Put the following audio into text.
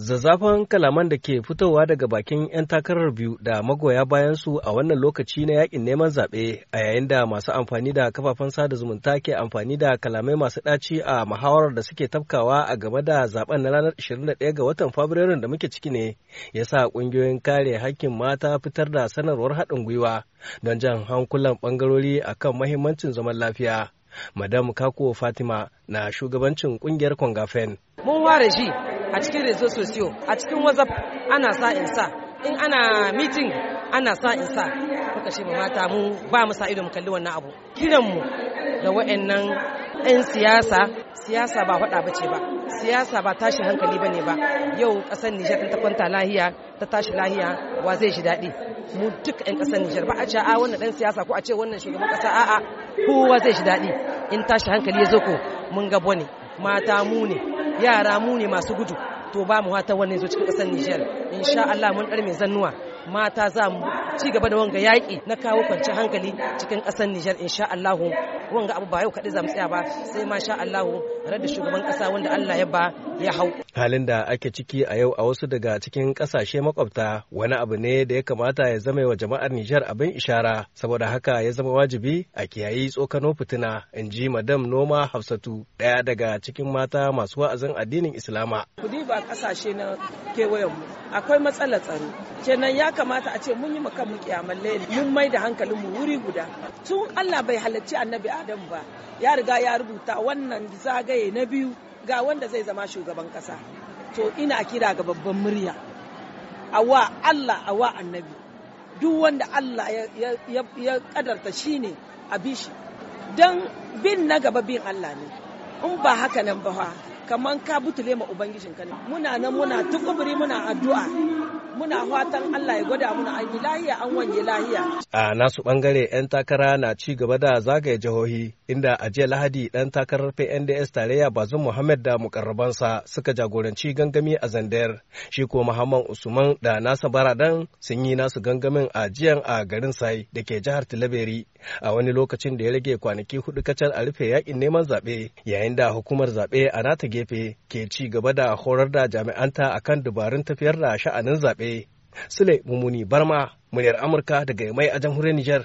Zazzafan kalaman da ke fitowa daga bakin 'yan takarar biyu da magoya bayansu a wannan lokaci na yakin neman zaɓe a yayin da masu amfani da kafafen sada zumunta ke amfani da kalamai masu ɗaci a muhawarar da suke tafkawa a game da zaben na ranar 21 ga watan Fabrairun da muke ciki ne ya sa ƙungiyoyin kare hakkin mata fitar da sanarwar haɗin gwiwa don jan hankulan ɓangarori akan mahimmancin zaman lafiya. Madam Kako Fatima na shugabancin ƙungiyar Kwangafen. Mun ware shi a cikin rezo sosiyo a cikin whatsapp ana sa in sa in ana meeting ana sa in sa kuka shi mata mu ba mu sa ido mu kalli wannan abu kiran mu da wa'annan 'yan siyasa siyasa ba faɗa bace ba siyasa ba tashin hankali ba ne ba yau ƙasar nijar ta kwanta lahiya ta tashi lahiya wa zai shi daɗi mu duk 'yan ƙasar nijar ba a ce a wannan ɗan siyasa ko a ce wannan shugaban ƙasa a'a kowa zai shi daɗi in tashi hankali ya zo ko mun ga ne mata mu ne yara mu ne masu gudu to ba mu hata wannan zo cikin ƙasar Nijar insha Allah mun ɗar mai zannuwa mata za mu ci gaba da wanga yaƙi na kawo kwanci hankali cikin ƙasar Nijar insha Allah wanga abu ba yau kaɗai za mu tsaya ba sai ma sha Allah rar da shugaban ƙasa wanda Allah ya ba ya hau halin da ake ciki a yau a wasu daga cikin kasashe makwabta wani abu ne da ya kamata ya zama wa jama'ar Nijar abin ishara saboda haka ya zama wajibi a kiyayi tsokano fitina in ji madam noma hafsatu daya daga cikin mata masu wa'azin addinin islama kudi ba kasashe na kewayen mu akwai matsala tsaro kenan ya kamata a ce mun yi makan mu kiyamar mun mai da hankalin mu wuri guda tun Allah bai halarci annabi Adamu ba ya riga ya rubuta wannan zagaye na biyu ga wanda zai zama shugaban kasa to ina kira ga babban murya awa Allah awa annabi duk wanda Allah ya kadarta shi ne a bishi don bin na gaba bin Allah ne in ba haka nan ba kamar ka butule ma ubangijin ka muna nan muna tukuburi muna addu'a muna fatan Allah ya gwada muna an yi lahiya an wanye lahiya a nasu bangare yan takara na ci gaba da zagaye jihohi inda a jiya Lahadi dan takarar PNDS tarayya Bazum Muhammad da mukarrabansa suka jagoranci gangami a Zandar shi ko Muhammad Usman da nasa baradan sun yi nasu gangamin a jiyan a garin Sai da ke jihar Tilaberi a wani lokacin da ya rage kwanaki hudu kacal a rufe yakin neman zaɓe yayin da hukumar zaɓe a nata gefe ke ci gaba da horar da jami'anta akan dubarun tafiyar da sha'anin zaɓe. Sule Mumuni Barma, muryar Amurka daga mai a jamhuriyar Nijar.